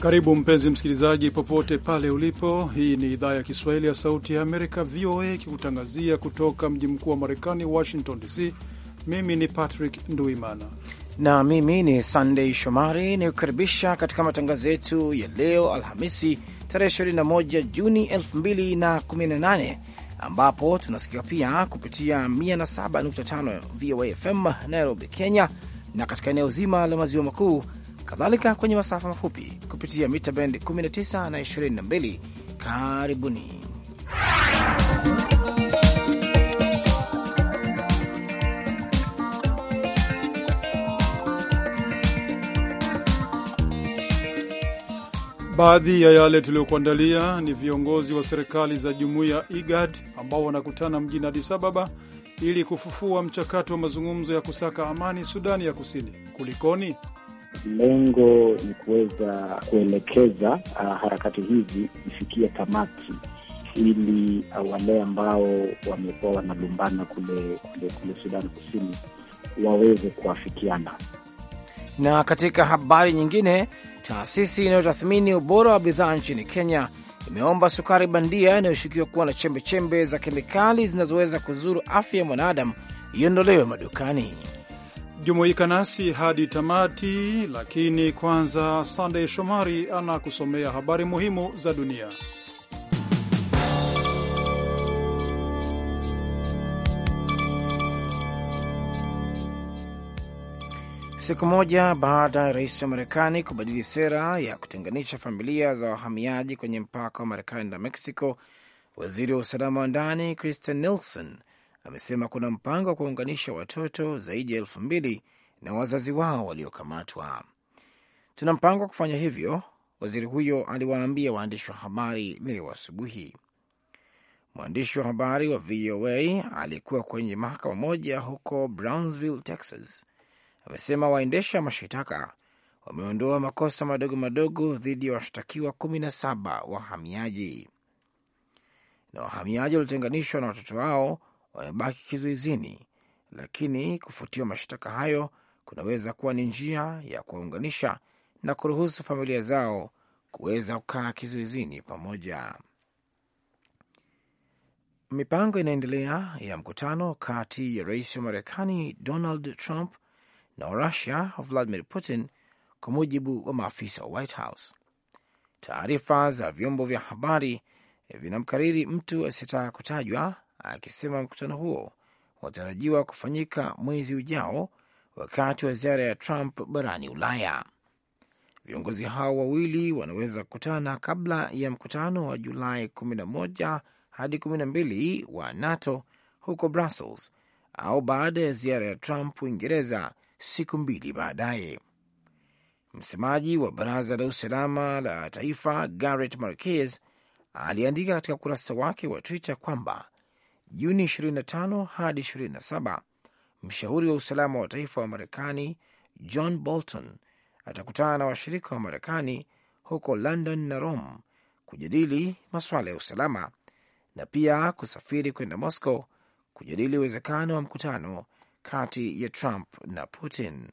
Karibu mpenzi msikilizaji, popote pale ulipo. Hii ni idhaa ya Kiswahili ya Sauti ya Amerika, VOA, ikikutangazia kutoka mji mkuu wa Marekani, Washington DC. Mimi ni Patrick Nduimana na mimi ni Sandei Shomari inayokaribisha katika matangazo yetu ya leo Alhamisi, tarehe 21 Juni 2018 ambapo tunasikika pia kupitia 107.5 VOA FM Nairobi, Kenya, na katika eneo zima la maziwa makuu kadhalika kwenye masafa mafupi kupitia mita bend 19 na 22. Karibuni Baadhi ya yale tuliyokuandalia ni viongozi wa serikali za jumuiya IGAD ambao wanakutana mjini Addis Ababa ili kufufua mchakato wa mazungumzo ya kusaka amani Sudani ya Kusini. Kulikoni? lengo ni kuweza kuelekeza uh, harakati hizi ifikie tamati ili uh, wale ambao wamekuwa wanalumbana kule, kule, kule Sudan Kusini waweze kuafikiana. Na katika habari nyingine, taasisi inayotathmini ubora wa bidhaa nchini Kenya imeomba sukari bandia inayoshukiwa kuwa na chembechembe za kemikali zinazoweza kuzuru afya ya mwanadamu iondolewe madukani. Jumuika nasi hadi tamati, lakini kwanza, Sandey Shomari anakusomea habari muhimu za dunia. Siku moja baada ya rais wa Marekani kubadili sera ya kutenganisha familia za wahamiaji kwenye mpaka wa Marekani na Mexico, waziri wa usalama wa ndani Kristen Nelson amesema kuna mpango wa kuwaunganisha watoto zaidi ya elfu mbili na wazazi wao waliokamatwa. Tuna mpango wa kufanya hivyo, waziri huyo aliwaambia waandishi wa habari leo asubuhi. Mwandishi wa habari wa VOA aliyekuwa kwenye mahakama moja huko Brownsville, Texas, amesema waendesha mashitaka wameondoa makosa madogo madogo dhidi ya washtakiwa kumi na saba wahamiaji. Na wahamiaji waliotenganishwa na watoto wao wamebaki kizuizini, lakini kufutiwa mashtaka hayo kunaweza kuwa ni njia ya kuwaunganisha na kuruhusu familia zao kuweza kukaa kizuizini pamoja. Mipango inaendelea ya mkutano kati ya rais wa Marekani Donald Trump na Warusia Vladimir Putin, kwa mujibu wa maafisa wa White House. Taarifa za vyombo vya habari vinamkariri mtu asiyetaka kutajwa akisema mkutano huo unatarajiwa kufanyika mwezi ujao wakati wa ziara ya Trump barani Ulaya. Viongozi hao wawili wanaweza kukutana kabla ya mkutano wa Julai 11 hadi 12 wa NATO huko Brussels au baada ya ziara ya Trump Uingereza siku mbili baadaye. Msemaji wa Baraza la Usalama la Taifa Garrett Marquez aliandika katika ukurasa wake wa Twitter kwamba Juni 25 hadi 27, mshauri wa usalama wa taifa wa Marekani John Bolton atakutana na washirika wa Marekani huko London na Rome kujadili masuala ya usalama na pia kusafiri kwenda Moscow kujadili uwezekano wa mkutano kati ya Trump na Putin.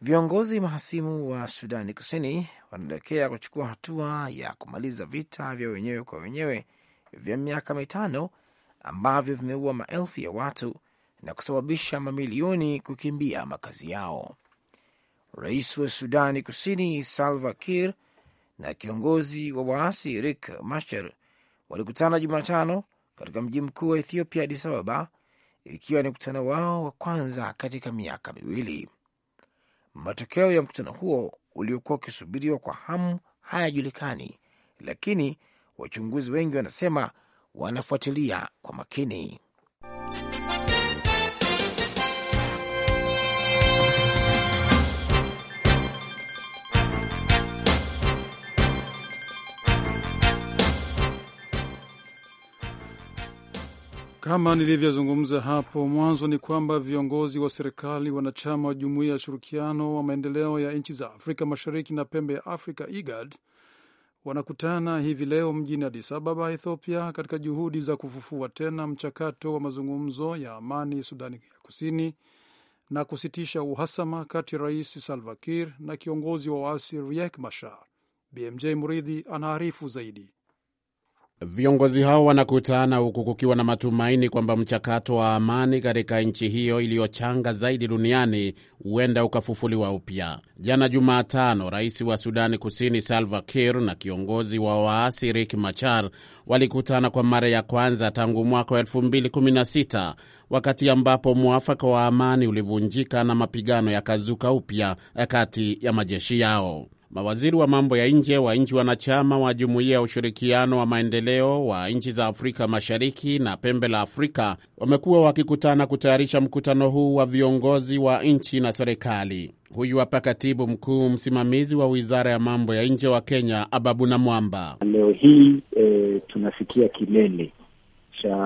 Viongozi mahasimu wa Sudani Kusini wanaelekea kuchukua hatua ya kumaliza vita vya wenyewe kwa wenyewe vya miaka mitano ambavyo vimeua maelfu ya watu na kusababisha mamilioni kukimbia makazi yao. Rais wa Sudani Kusini Salva Kir na kiongozi wa waasi rik Masher walikutana Jumatano katika mji mkuu wa Ethiopia, disababa Ababa, ikiwa ni mkutano wao wa kwanza katika miaka miwili. Matokeo ya mkutano huo uliokuwa ukisubiriwa kwa hamu hayajulikani, lakini wachunguzi wengi wanasema wanafuatilia kwa makini. Kama nilivyozungumza hapo mwanzo, ni kwamba viongozi wa serikali wanachama wa jumuiya ya ushirikiano wa maendeleo ya nchi za Afrika Mashariki na pembe ya Afrika, IGAD, wanakutana hivi leo mjini Addis Ababa, Ethiopia, katika juhudi za kufufua tena mchakato wa mazungumzo ya amani Sudani ya Kusini na kusitisha uhasama kati ya Rais Salva Kiir na kiongozi wa waasi Riek Machar. BMJ Muridhi anaarifu zaidi. Viongozi hao wanakutana huku kukiwa na matumaini kwamba mchakato wa amani katika nchi hiyo iliyochanga zaidi duniani huenda ukafufuliwa upya. Jana Jumatano, rais wa Sudani Kusini Salva Kiir na kiongozi wa waasi Riek Machar walikutana kwa mara ya kwanza tangu mwaka wa 2016 wakati ambapo mwafaka wa amani ulivunjika na mapigano yakazuka upya kati ya majeshi yao. Mawaziri wa mambo ya nje wa nchi wanachama wa Jumuiya ya Ushirikiano wa Maendeleo wa nchi za Afrika Mashariki na Pembe la Afrika wamekuwa wakikutana kutayarisha mkutano huu wa viongozi wa nchi na serikali. Huyu hapa katibu mkuu msimamizi wa wizara ya mambo ya nje wa Kenya, Ababuna Mwamba. Leo hii e, eh, tunafikia kilele cha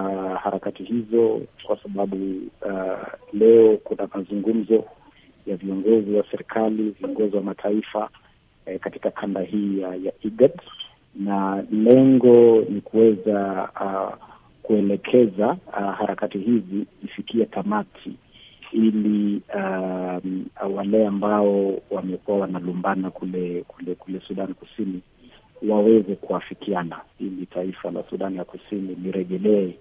harakati hizo kwa sababu uh, leo kuna mazungumzo ya viongozi wa serikali, viongozi wa mataifa eh, katika kanda hii ya, ya IGAD na lengo ni kuweza uh, kuelekeza uh, harakati hizi ifikie tamati ili uh, wale ambao wamekuwa wanalumbana kule kule kule Sudan Kusini waweze kuafikiana ili taifa la Sudan ya Kusini lirejelee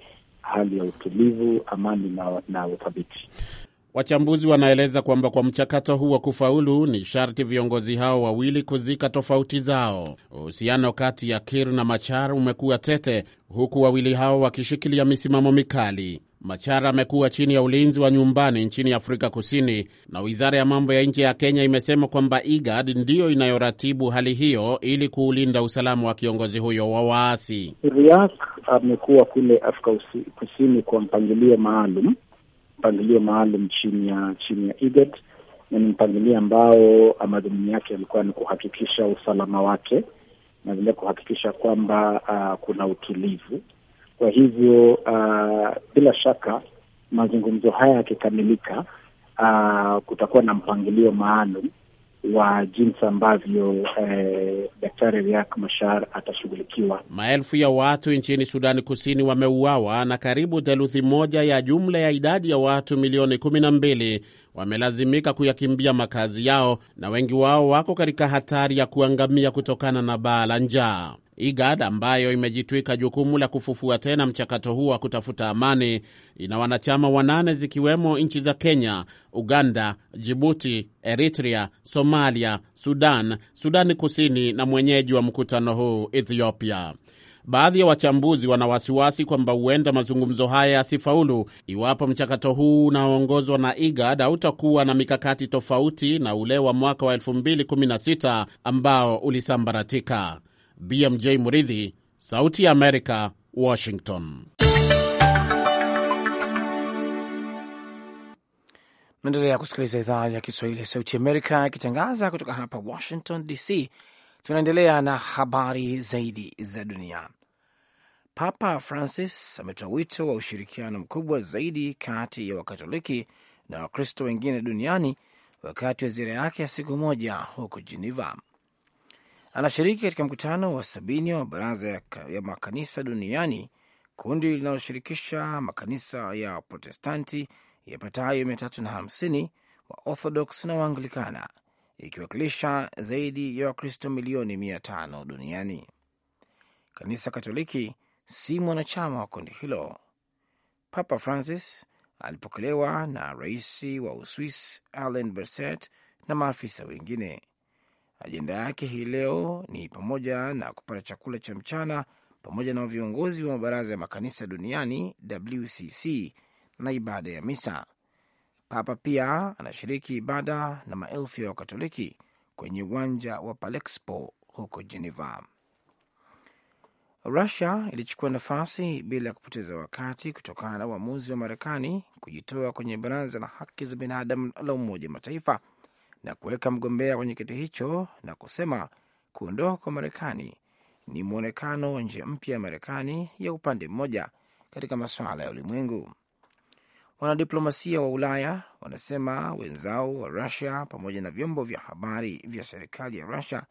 hali ya utulivu, amani na, na uthabiti. Wachambuzi wanaeleza kwamba kwa mchakato huu wa kufaulu ni sharti viongozi hao wawili kuzika tofauti zao. Uhusiano kati ya Kir na Machar umekuwa tete, huku wawili hao wakishikilia misimamo mikali. Machar amekuwa chini ya ulinzi wa nyumbani nchini Afrika Kusini, na wizara ya mambo ya nje ya Kenya imesema kwamba IGAD ndiyo inayoratibu hali hiyo ili kuulinda usalama wa kiongozi huyo wa waasi. Riak amekuwa kule Afrika Kusini kwa mpangilio maalum mpangilio maalum chini ya chini ya IGAD, na ni mpangilio ambao madhumuni yake yalikuwa ni kuhakikisha usalama wake na vile kuhakikisha kwamba uh, kuna utulivu. Kwa hivyo uh, bila shaka mazungumzo haya yakikamilika, uh, kutakuwa na mpangilio maalum wa jinsi ambavyo eh, Daktari riak mashar atashughulikiwa. Maelfu ya watu nchini Sudani Kusini wameuawa na karibu theluthi moja ya jumla ya idadi ya watu milioni kumi na mbili wamelazimika kuyakimbia makazi yao na wengi wao wako katika hatari ya kuangamia kutokana na baa la njaa. IGAD ambayo imejitwika jukumu la kufufua tena mchakato huo wa kutafuta amani ina wanachama wanane zikiwemo nchi za Kenya, Uganda, Jibuti, Eritrea, Somalia, Sudan, Sudani Kusini na mwenyeji wa mkutano huu Ethiopia. Baadhi ya wachambuzi wana wasiwasi kwamba huenda mazungumzo haya yasifaulu iwapo mchakato huu unaoongozwa na IGAD hautakuwa na mikakati tofauti na ule wa mwaka wa 2016 ambao ulisambaratika. BMJ Muridhi, Sauti ya Amerika, Washington. Naendelea kusikiliza idhaa ya Kiswahili ya Sauti Amerika ikitangaza kutoka hapa Washington DC. Tunaendelea na habari zaidi za dunia. Papa Francis ametoa wito wa ushirikiano mkubwa zaidi kati ya Wakatoliki na Wakristo wengine duniani wakati wa ziara yake ya siku moja huko Geneva anashiriki katika mkutano wa sabini wa baraza ya makanisa duniani, kundi linaloshirikisha makanisa ya Protestanti yapatayo mia tatu na hamsini wa Orthodox na Waanglikana, ikiwakilisha zaidi ya Wakristo milioni mia tano duniani. Kanisa Katoliki si mwanachama wa kundi hilo. Papa Francis alipokelewa na rais wa Uswis Alain Berset na maafisa wengine. Ajenda yake hii leo ni pamoja na kupata chakula cha mchana pamoja na viongozi wa mabaraza ya makanisa duniani WCC na ibada ya misa. Papa pia anashiriki ibada na maelfu ya Wakatoliki kwenye uwanja wa Palexpo huko Geneva. Rusia ilichukua nafasi bila ya kupoteza wakati kutokana na uamuzi wa Marekani kujitoa kwenye baraza la haki za binadamu la Umoja Mataifa na kuweka mgombea kwenye kiti hicho na kusema kuondoka kwa Marekani ni mwonekano wa njia mpya ya Marekani ya upande mmoja katika masuala ya ulimwengu. Wanadiplomasia wa Ulaya wanasema wenzao wa Rusia pamoja na vyombo vya habari vya serikali ya Rusia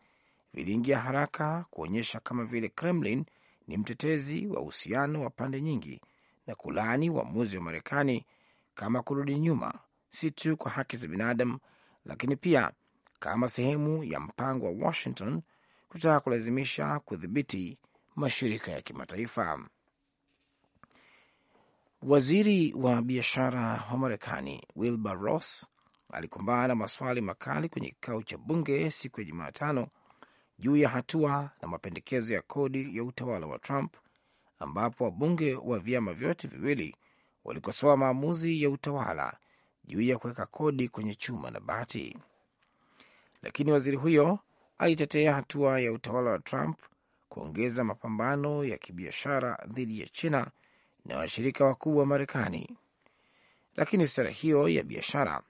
viliingia haraka kuonyesha kama vile Kremlin ni mtetezi wa uhusiano wa pande nyingi na kulaani uamuzi wa Marekani kama kurudi nyuma si tu kwa haki za binadamu lakini pia kama sehemu ya mpango wa Washington kutaka kulazimisha kudhibiti mashirika ya kimataifa. Waziri wa biashara wa Marekani Wilbur Ross alikumbana na maswali makali kwenye kikao cha bunge siku ya Jumatano juu ya hatua na mapendekezo ya kodi ya utawala wa Trump, ambapo wabunge wa vyama vyote viwili walikosoa maamuzi ya utawala juu ya kuweka kodi kwenye chuma na bati, lakini waziri huyo alitetea hatua ya utawala wa Trump kuongeza mapambano ya kibiashara dhidi ya China na washirika wakuu wa Marekani. Lakini sera hiyo ya biashara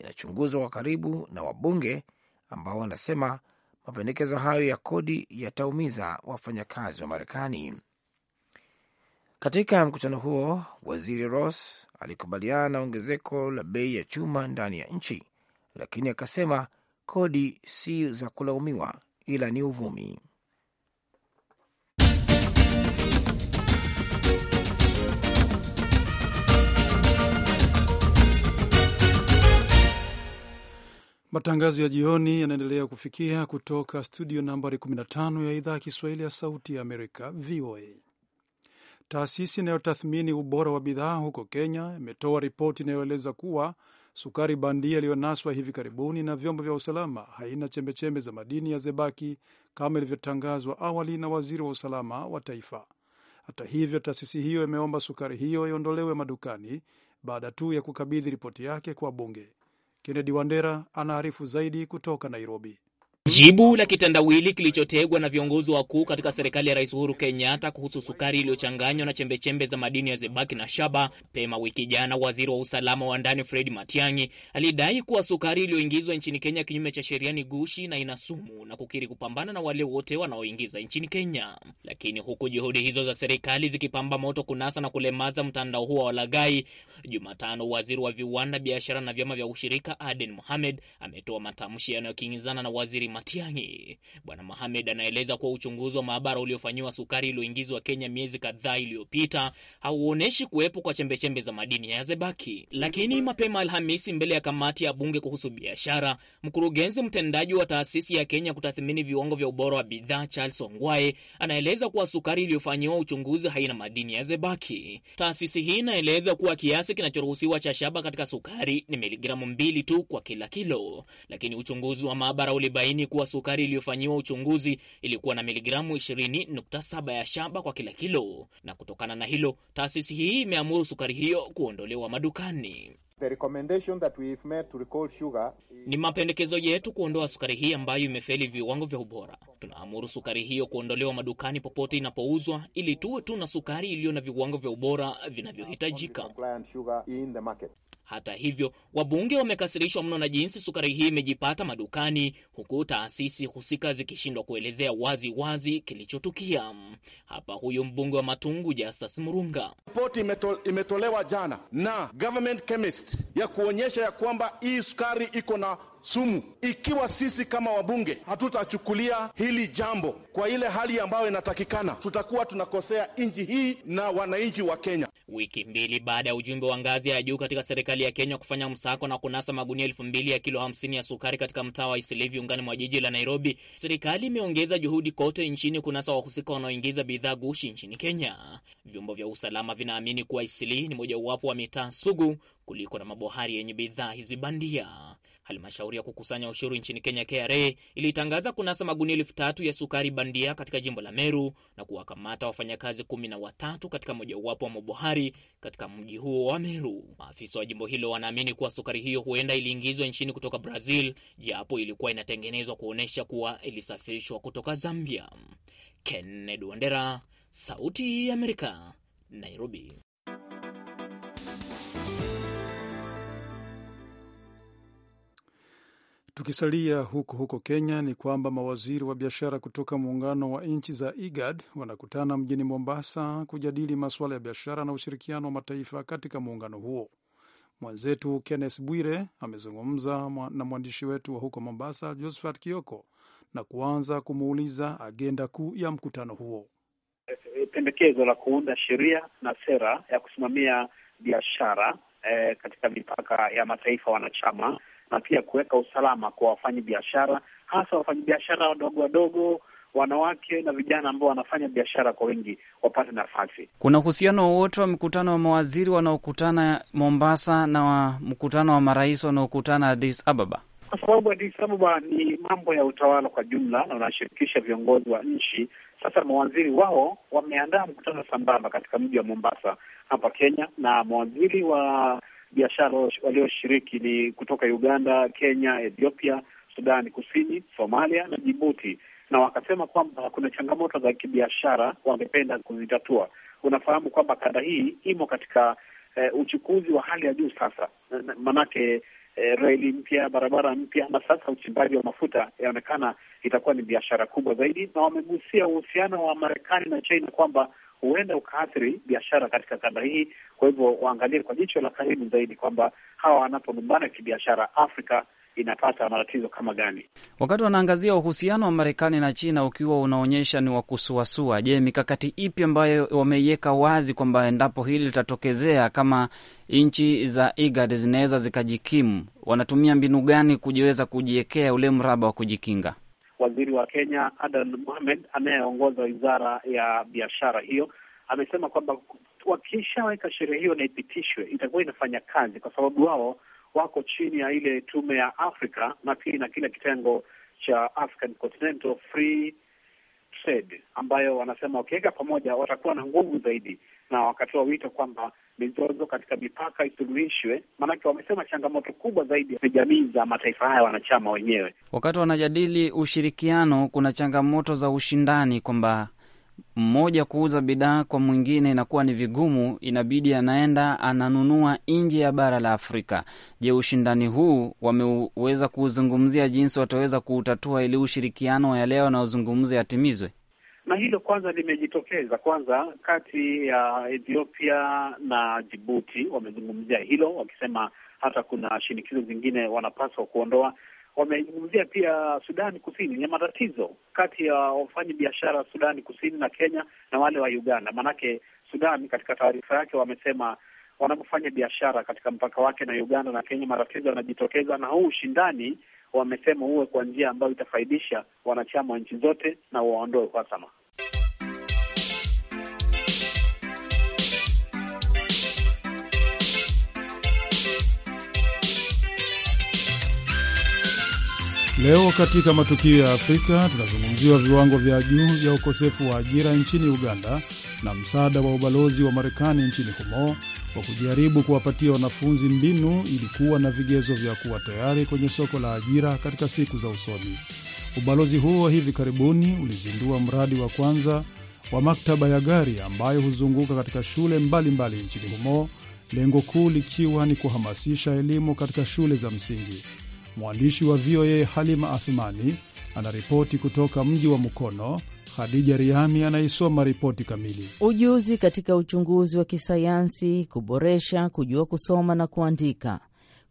inachunguzwa kwa karibu na wabunge ambao wanasema mapendekezo hayo ya kodi yataumiza wafanyakazi wa Marekani. Katika mkutano huo, waziri Ross alikubaliana na ongezeko la bei ya chuma ndani ya nchi, lakini akasema kodi si za kulaumiwa, ila ni uvumi. Matangazo ya jioni yanaendelea kufikia kutoka studio nambari 15 ya idhaa ya Kiswahili ya Sauti ya Amerika, VOA. Taasisi inayotathmini ubora wa bidhaa huko Kenya imetoa ripoti inayoeleza kuwa sukari bandia iliyonaswa hivi karibuni na vyombo vya usalama haina chembechembe za madini ya zebaki kama ilivyotangazwa awali na waziri wa usalama wa taifa. Hata hivyo, taasisi hiyo imeomba sukari hiyo iondolewe madukani baada tu ya kukabidhi ripoti yake kwa bunge. Kennedy Wandera anaarifu zaidi kutoka Nairobi. Jibu la kitandawili kilichotegwa na viongozi wakuu katika serikali ya Rais Uhuru Kenyatta kuhusu sukari iliyochanganywa na chembechembe za madini ya zebaki na shaba. Mapema wiki jana, waziri wa usalama wa ndani Fred Matiang'i alidai kuwa sukari iliyoingizwa nchini Kenya kinyume cha sheria ni gushi na ina sumu, na kukiri kupambana na wale wote wanaoingiza nchini Kenya. Lakini huku juhudi hizo za serikali zikipamba moto kunasa na kulemaza mtandao huo wa walagai Jumatano waziri wa viwanda, biashara na vyama vya ushirika Aden Mohamed ametoa matamshi yanayokinzana na waziri Matiang'i. Bwana Mohamed anaeleza kuwa uchunguzi wa maabara uliofanyiwa sukari iliyoingizwa Kenya miezi kadhaa iliyopita hauoneshi kuwepo kwa chembechembe za madini ya zebaki. Lakini mapema Alhamisi, mbele ya kamati ya bunge kuhusu biashara, mkurugenzi mtendaji wa taasisi ya Kenya kutathmini viwango vya ubora wa bidhaa Charles Ongwae anaeleza kuwa sukari iliyofanyiwa uchunguzi haina madini ya zebaki. Taasisi hii inaeleza kuwa kiasi kinachoruhusiwa cha shaba katika sukari ni miligramu mbili tu kwa kila kilo, lakini uchunguzi wa maabara ulibaini kuwa sukari iliyofanyiwa uchunguzi ilikuwa na miligramu 20.7 ya shaba kwa kila kilo, na kutokana na hilo taasisi hii imeamuru sukari hiyo kuondolewa madukani. The recommendation that we've made to recall sugar is... ni mapendekezo yetu kuondoa sukari hii ambayo imefeli viwango vya ubora. Tunaamuru sukari hiyo kuondolewa madukani popote inapouzwa, ili tuwe tu na sukari iliyo na viwango vya ubora vinavyohitajika. Hata hivyo, wabunge wamekasirishwa mno na jinsi sukari hii imejipata madukani, huku taasisi husika zikishindwa kuelezea wazi wazi kilichotukia. Hapa huyu mbunge wa Matungu, Justus Murunga. Ripoti imeto, imetolewa jana na government chemist ya kuonyesha ya kwamba hii sukari iko na sumu. Ikiwa sisi kama wabunge hatutachukulia hili jambo kwa ile hali ambayo inatakikana, tutakuwa tunakosea nchi hii na wananchi wa Kenya. Wiki mbili baada ya ujumbe wa ngazi ya juu katika serikali ya Kenya kufanya msako na kunasa magunia elfu mbili ya kilo hamsini ya sukari katika mtaa wa Isili viungani mwa jiji la Nairobi, serikali imeongeza juhudi kote nchini kunasa wahusika wanaoingiza bidhaa gushi nchini Kenya. Vyombo vya usalama vinaamini kuwa Isili ni mojawapo wa mitaa sugu kuliko na mabohari yenye bidhaa hizi bandia. Halmashauri ya kukusanya ushuru nchini Kenya, KRA, ilitangaza kunasa magunia elfu tatu ya sukari bandia katika jimbo la Meru na kuwakamata wafanyakazi kumi na watatu katika mojawapo wa mabohari katika mji huo wa Meru. Maafisa wa jimbo hilo wanaamini kuwa sukari hiyo huenda iliingizwa nchini kutoka Brazil, japo ilikuwa inatengenezwa kuonyesha kuwa ilisafirishwa kutoka Zambia. Kennedy Wandera, Sauti ya Amerika, Nairobi. Tukisalia huko huko Kenya, ni kwamba mawaziri wa biashara kutoka muungano wa nchi za IGAD wanakutana mjini Mombasa kujadili masuala ya biashara na ushirikiano wa mataifa katika muungano huo. Mwenzetu Kenneth Bwire amezungumza na mwandishi wetu wa huko Mombasa, Josephat Kioko, na kuanza kumuuliza agenda kuu ya mkutano huo. Eh, pendekezo la kuunda sheria na sera ya kusimamia biashara eh, katika mipaka ya mataifa wanachama na pia kuweka usalama kwa wafanyabiashara, hasa wafanyabiashara wadogo wadogo wanawake na vijana ambao wanafanya biashara kwa wingi wapate nafasi. Kuna uhusiano wowote wa mkutano wa mawaziri wanaokutana Mombasa na wa mkutano wa marais wanaokutana Addis Ababa? Kwa sababu Addis Ababa ni mambo ya utawala kwa jumla na wanashirikisha viongozi wa nchi. Sasa mawaziri wao wameandaa mkutano sambamba katika mji wa Mombasa hapa Kenya, na mawaziri wa biashara walioshiriki ni kutoka Uganda, Kenya, Ethiopia, Sudani Kusini, Somalia na Jibuti, na wakasema kwamba kuna changamoto za kibiashara wangependa kuzitatua. Unafahamu kwamba kanda hii imo katika e, uchukuzi wa hali ya juu sasa, manake e, reli mpya, barabara mpya, na sasa uchimbaji wa mafuta yaonekana itakuwa ni biashara kubwa zaidi, na wamegusia uhusiano wa Marekani na China kwamba huenda ukaathiri biashara katika kanda hii. Kwa hivyo waangalie kwa jicho la karibu zaidi kwamba hawa wanaponumbana kibiashara, Afrika inapata matatizo kama gani. Wakati wanaangazia uhusiano wa Marekani na China ukiwa unaonyesha ni wa kusuasua, je, mikakati ipi ambayo wameiweka wazi kwamba endapo hili litatokezea, kama nchi za IGAD zinaweza zikajikimu? Wanatumia mbinu gani kujiweza kujiwekea ule mraba wa kujikinga? Waziri wa Kenya Adan Mohamed anayeongoza wizara ya biashara hiyo amesema kwamba wakishaweka sheria hiyo na ipitishwe, itakuwa inafanya kazi, kwa sababu wao wako chini ya ile tume ya Afrika na pia na kile kitengo cha African Continental Free Trade, ambayo wanasema wakiweka pamoja watakuwa na nguvu zaidi, na wakatoa wito kwamba mizozo katika mipaka isuluhishwe, maanake wamesema changamoto kubwa zaidi ni jamii za mataifa haya wanachama wenyewe. Wakati wanajadili ushirikiano, kuna changamoto za ushindani kwamba mmoja kuuza bidhaa kwa mwingine inakuwa ni vigumu, inabidi anaenda ananunua nje ya bara la Afrika. Je, ushindani huu wameweza kuuzungumzia jinsi wataweza kuutatua ili ushirikiano wa leo anaozungumza yatimizwe? na hilo kwanza limejitokeza kwanza kati ya Ethiopia na Jibuti. Wamezungumzia hilo wakisema hata kuna shinikizo zingine wanapaswa kuondoa. Wamezungumzia pia Sudani Kusini yenye matatizo kati ya wafanyi biashara Sudani Kusini na Kenya na wale wa Uganda, maanake Sudani katika taarifa yake wamesema wanapofanya biashara katika mpaka wake na Uganda na Kenya, matatizo yanajitokeza, na huu ushindani wamesema uwe kwa njia ambayo itafaidisha wanachama wa nchi zote na waondoe uhasama. Leo katika matukio ya Afrika tunazungumziwa viwango vya juu vya ukosefu wa ajira nchini Uganda na msaada wa ubalozi wa Marekani nchini humo kwa kujaribu kuwapatia wanafunzi mbinu ilikuwa na vigezo vya kuwa tayari kwenye soko la ajira katika siku za usoni. Ubalozi huo hivi karibuni ulizindua mradi wa kwanza wa maktaba ya gari ambayo huzunguka katika shule mbalimbali mbali nchini humo, lengo kuu likiwa ni kuhamasisha elimu katika shule za msingi. Mwandishi wa VOA Halima athmani anaripoti kutoka mji wa Mukono Khadija Riami anaisoma ripoti kamili. Ujuzi katika uchunguzi wa kisayansi, kuboresha kujua kusoma na kuandika,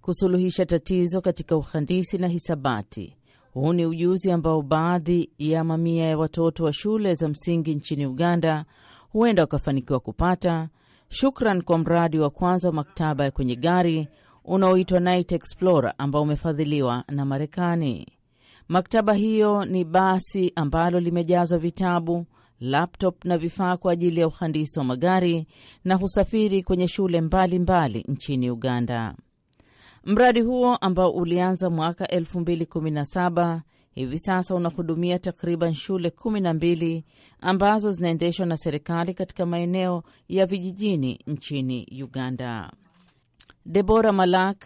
kusuluhisha tatizo katika uhandisi na hisabati. Huu ni ujuzi ambao baadhi ya mamia ya watoto wa shule za msingi nchini Uganda huenda wakafanikiwa kupata, shukran kwa mradi wa kwanza wa maktaba ya kwenye gari unaoitwa Night Explorer ambao umefadhiliwa na Marekani. Maktaba hiyo ni basi ambalo limejazwa vitabu, laptop na vifaa kwa ajili ya uhandisi wa magari na husafiri kwenye shule mbalimbali mbali nchini Uganda. Mradi huo ambao ulianza mwaka 2017 hivi sasa unahudumia takriban shule kumi na mbili ambazo zinaendeshwa na serikali katika maeneo ya vijijini nchini Uganda. Debora Malak,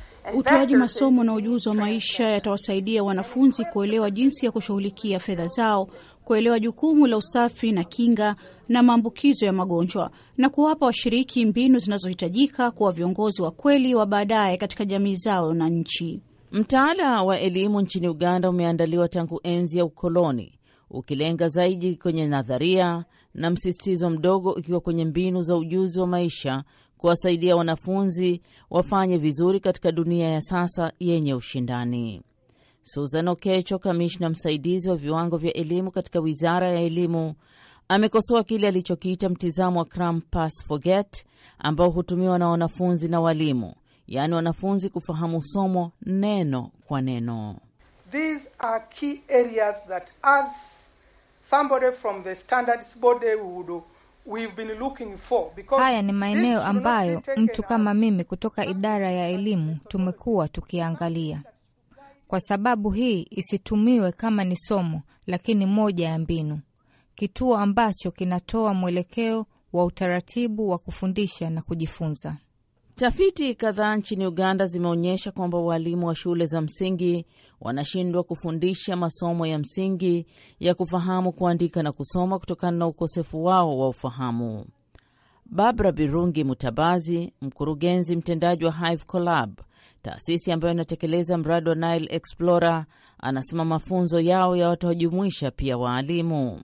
Utoaji masomo na ujuzi wa maisha yatawasaidia wanafunzi kuelewa jinsi ya kushughulikia fedha zao, kuelewa jukumu la usafi na kinga na maambukizo ya magonjwa, na kuwapa washiriki mbinu zinazohitajika kuwa viongozi wa kweli wa baadaye katika jamii zao na nchi. Mtaala wa elimu nchini Uganda umeandaliwa tangu enzi ya ukoloni, ukilenga zaidi kwenye nadharia na msisitizo mdogo ukiwa kwenye mbinu za ujuzi wa maisha kuwasaidia wanafunzi wafanye vizuri katika dunia ya sasa yenye ushindani. Susan Okecho, kamishna msaidizi wa viwango vya elimu katika wizara ya elimu, amekosoa kile alichokiita mtizamo wa cram pass forget ambao hutumiwa na wanafunzi na walimu, yaani wanafunzi kufahamu somo neno kwa neno. These are key areas that as somebody from the standards body would Haya ni maeneo ambayo mtu kama mimi kutoka idara ya elimu tumekuwa tukiangalia, kwa sababu hii isitumiwe kama ni somo, lakini moja ya mbinu, kituo ambacho kinatoa mwelekeo wa utaratibu wa kufundisha na kujifunza. Tafiti kadhaa nchini Uganda zimeonyesha kwamba walimu wa shule za msingi wanashindwa kufundisha masomo ya msingi ya kufahamu kuandika na kusoma kutokana na ukosefu wao wa ufahamu. Barbara Birungi Mutabazi, mkurugenzi mtendaji wa Hive Collab, taasisi ambayo inatekeleza mradi wa Nile Explorer, anasema mafunzo yao yawatawajumuisha pia waalimu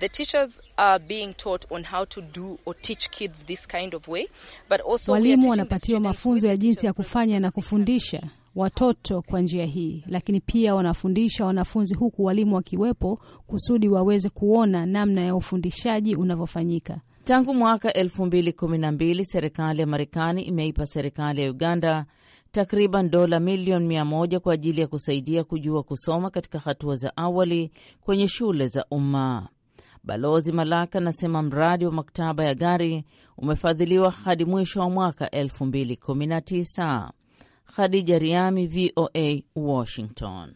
the teachers are being taught on how to do or teach kids this kind of way but also walimu wanapatiwa mafunzo ya jinsi ya kufanya na kufundisha watoto kwa njia hii, lakini pia wanafundisha wanafunzi huku walimu wakiwepo kusudi waweze kuona namna ya ufundishaji unavyofanyika. Tangu mwaka 2012 serikali ya Marekani imeipa serikali ya Uganda takriban dola milioni 100 kwa ajili ya kusaidia kujua kusoma katika hatua za awali kwenye shule za umma. Balozi Malaka anasema mradi wa maktaba ya gari umefadhiliwa hadi mwisho wa mwaka 2019. Khadija Riami, VOA, Washington.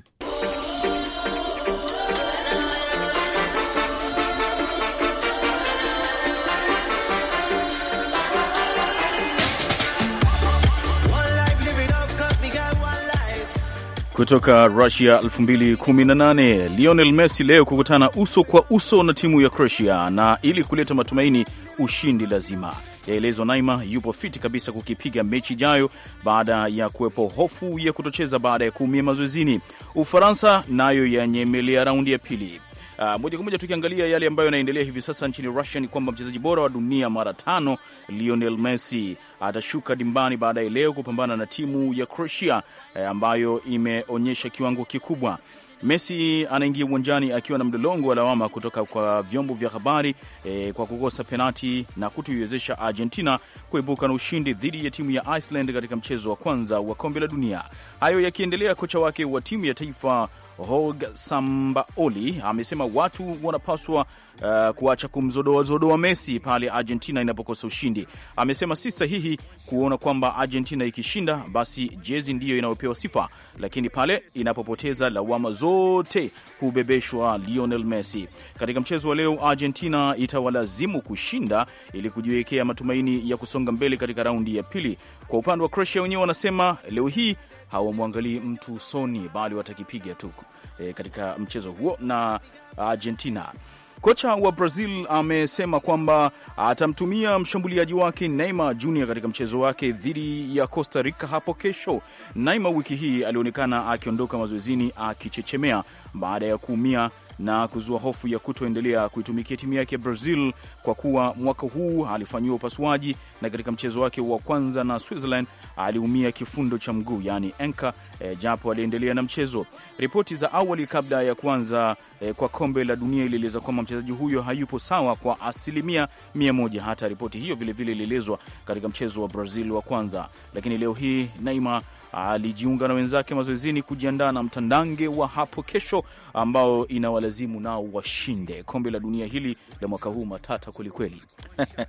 kutoka Russia 2018 Lionel Messi leo kukutana uso kwa uso na timu ya Croatia, na ili kuleta matumaini ushindi lazima yaelezwa Naima yupo fiti kabisa kukipiga mechi ijayo baada ya kuwepo hofu ya kutocheza baada ya kuumia mazoezini. Ufaransa nayo yanyemelea raundi ya pili. Uh, moja kwa moja tukiangalia yale ambayo yanaendelea hivi sasa nchini Russia ni kwamba mchezaji bora wa dunia mara tano Lionel Messi atashuka dimbani baadaye leo kupambana na timu ya Croatia eh, ambayo imeonyesha kiwango kikubwa. Messi anaingia uwanjani akiwa na mlolongo wa lawama kutoka kwa vyombo vya habari e, kwa kukosa penati na kutuiwezesha Argentina kuibuka na ushindi dhidi ya timu ya Iceland katika mchezo wa kwanza wa kombe la dunia. Hayo yakiendelea, kocha wake wa timu ya taifa Hog Sambaoli amesema watu wanapaswa uh, kuacha kumzodoazodoa Messi pale Argentina inapokosa ushindi. Amesema si sahihi kuona kwamba Argentina ikishinda basi jezi ndiyo inayopewa sifa, lakini pale inapopoteza lawama zote hubebeshwa Lionel Messi. Katika mchezo wa leo, Argentina itawalazimu kushinda ili kujiwekea matumaini ya kusonga mbele katika raundi ya pili. Kwa upande wa Croatia, wenyewe wanasema leo hii hawamwangalii mtu soni, bali watakipiga tu e, katika mchezo huo na Argentina Kocha wa Brazil amesema kwamba atamtumia mshambuliaji wake Neymar Jr katika mchezo wake dhidi ya Costa Rica hapo kesho. Neymar wiki hii alionekana akiondoka mazoezini akichechemea baada ya kuumia na kuzua hofu ya kutoendelea kuitumikia timu yake ya Brazil kwa kuwa mwaka huu alifanyiwa upasuaji na katika mchezo wake wa kwanza na Switzerland aliumia kifundo cha mguu yaani enka, e, japo aliendelea na mchezo. Ripoti za awali kabla ya kuanza e, kwa kombe la dunia ilieleza kwamba mchezaji huyo hayupo sawa kwa asilimia mia moja. Hata ripoti hiyo vilevile ilielezwa katika mchezo wa Brazil wa kwanza, lakini leo hii Neymar alijiunga na wenzake mazoezini kujiandaa na mtandange wa hapo kesho, ambao inawalazimu nao washinde kombe la dunia hili la mwaka huu. Matata kwelikweli.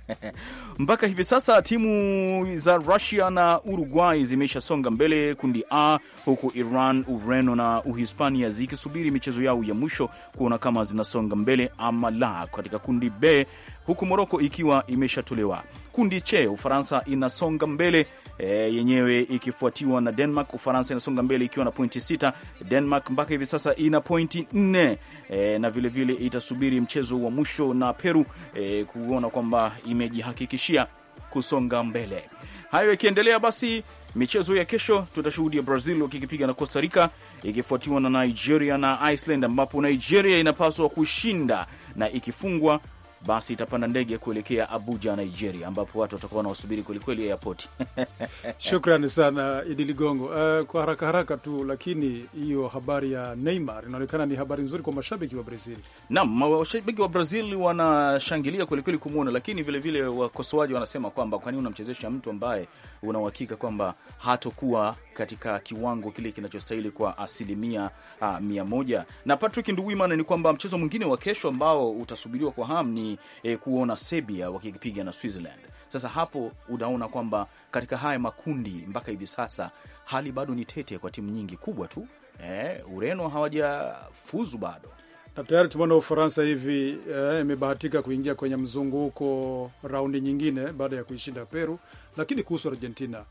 Mpaka hivi sasa timu za Rusia na Uruguay zimeshasonga mbele kundi A, huku Iran, Ureno na Uhispania zikisubiri michezo yao ya mwisho kuona kama zinasonga mbele ama la. Katika kundi B, huku Moroko ikiwa imeshatolewa. Kundi C, Ufaransa inasonga mbele e, yenyewe ikifuatiwa na Denmark. Ufaransa inasonga mbele ikiwa na pointi sita. Denmark mpaka hivi sasa ina pointi nne e, na vilevile vile itasubiri mchezo wa mwisho na Peru e, kuona kwamba imejihakikishia kusonga mbele. Hayo yakiendelea basi michezo ya kesho tutashuhudia Brazil wakikipiga na Costa Rica, ikifuatiwa na Nigeria na Iceland, ambapo Nigeria inapaswa kushinda na ikifungwa basi itapanda ndege kuelekea Abuja, Nigeria, ambapo watu watakuwa wanawasubiri kwelikweli airport. Shukrani sana Idi Ligongo. Uh, kwa haraka haraka tu, lakini hiyo habari ya Neymar inaonekana ni habari nzuri kwa mashabiki wa Brazil. Naam, washabiki wa Brazil wanashangilia kwelikweli kumwona, lakini vilevile wakosoaji wanasema kwamba kwanini unamchezesha mtu ambaye unauhakika kwamba hatokuwa katika kiwango kile kinachostahili kwa asilimia uh, mia moja. Na Patrick Nduwimana, ni kwamba mchezo mwingine wa kesho ambao utasubiriwa kwa hamu ni eh, kuona Serbia wakipiga na Switzerland. Sasa hapo unaona kwamba katika haya makundi mpaka hivi sasa hali bado ni tete kwa timu nyingi kubwa tu. Eh, Ureno hawajafuzu bado na tayari tumeona Ufaransa hivi eh, imebahatika eh, kuingia kwenye mzunguko raundi nyingine baada ya kuishinda Peru. Lakini kuhusu Argentina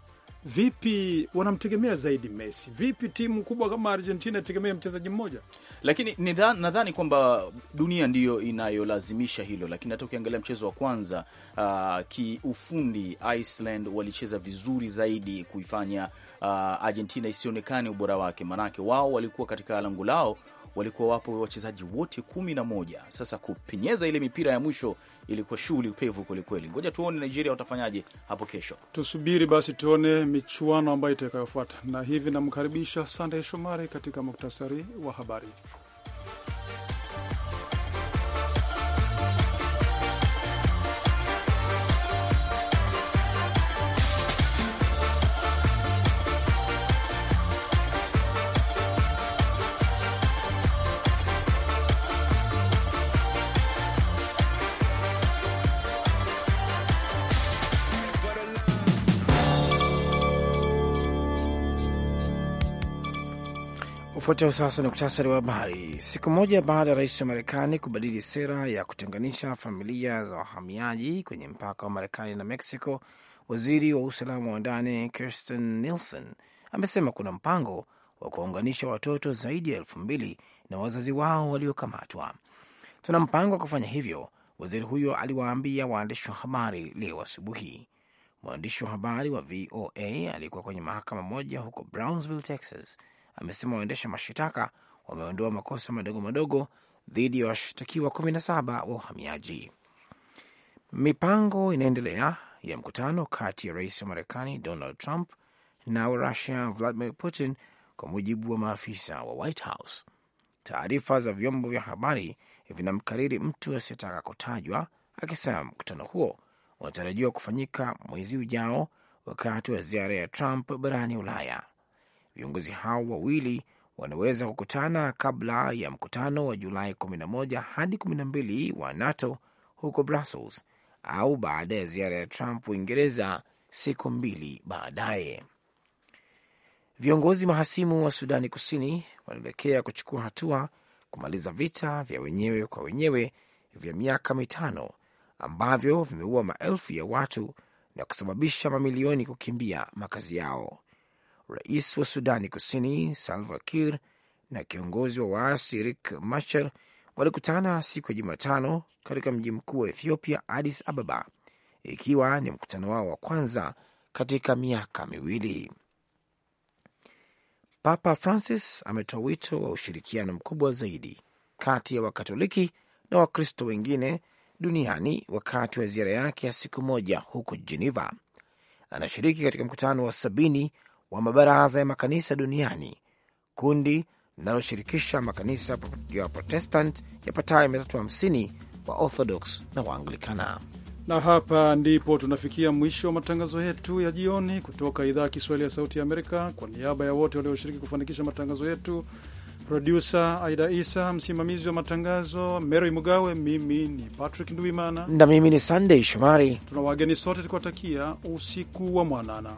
Vipi wanamtegemea zaidi Messi? Vipi timu kubwa kama Argentina itegemea mchezaji mmoja? Lakini nadhani kwamba dunia ndiyo inayolazimisha hilo, lakini hata ukiangalia mchezo wa kwanza uh, kiufundi Iceland walicheza vizuri zaidi kuifanya uh, Argentina isionekane ubora wake, maanake wao walikuwa katika lango lao walikuwa wapo wachezaji wote kumi na moja. Sasa kupenyeza ile mipira ya mwisho ilikuwa shughuli pevu kwelikweli. Ngoja tuone Nigeria watafanyaje hapo kesho, tusubiri basi tuone michuano ambayo itakayofuata. Na hivi namkaribisha Sandey Shomari katika muktasari wa habari. Ufuatao sasa ni muktasari wa habari. Siku moja baada ya rais wa Marekani kubadili sera ya kutenganisha familia za wahamiaji kwenye mpaka wa Marekani na Mexico, waziri wa usalama wa ndani Kirsten Nielsen amesema kuna mpango wa kuwaunganisha watoto zaidi ya elfu mbili na wazazi wao waliokamatwa. Tuna mpango wa kufanya hivyo, waziri huyo aliwaambia waandishi wa habari leo asubuhi. Mwandishi wa habari wa VOA aliyekuwa kwenye mahakama moja huko Brownsville, Texas amesema waendesha mashitaka wameondoa makosa madogo madogo dhidi ya washtakiwa saba wa uhamiaji. Mipango inaendelea ya mkutano kati ya rais wa Marekani Donald Trump na wa Rusia Vladimir Putin, kwa mujibu wa maafisa wa White House. Taarifa za vyombo vya habari vinamkariri mtu asiyetaka kutajwa akisema mkutano huo unatarajiwa kufanyika mwezi ujao wakati wa ziara ya Trump barani Ulaya viongozi hao wawili wanaweza kukutana kabla ya mkutano wa Julai 11 hadi 12 wa NATO huko Brussels au baada ya ziara ya Trump Uingereza siku mbili baadaye. Viongozi mahasimu wa Sudani Kusini wanaelekea kuchukua hatua kumaliza vita vya wenyewe kwa wenyewe vya miaka mitano ambavyo vimeua maelfu ya watu na kusababisha mamilioni kukimbia makazi yao rais wa Sudani Kusini Salva Kiir na kiongozi wa waasi Riek Machar walikutana siku ya Jumatano katika mji mkuu wa Ethiopia, Addis Ababa, ikiwa ni mkutano wao wa kwanza katika miaka miwili. Papa Francis ametoa wito wa ushirikiano mkubwa zaidi kati ya Wakatoliki na Wakristo wengine duniani wakati wa ziara yake ya siku moja huko Geneva. Anashiriki katika mkutano wa sabini wa mabaraza ya makanisa duniani, kundi linaloshirikisha makanisa ya Protestant yapatayo 350 wa Orthodox na Waanglikana. Na hapa ndipo tunafikia mwisho wa matangazo yetu ya jioni kutoka idhaa ya Kiswahili ya Sauti ya Amerika. Kwa niaba ya wote walioshiriki kufanikisha matangazo yetu, produsa Aida Isa, msimamizi wa matangazo Mary Mugawe, mimi ni Patrick Nduimana na mimi ni Sandey Shomari. Tuna wageni sote tukiwatakia usiku wa mwanana.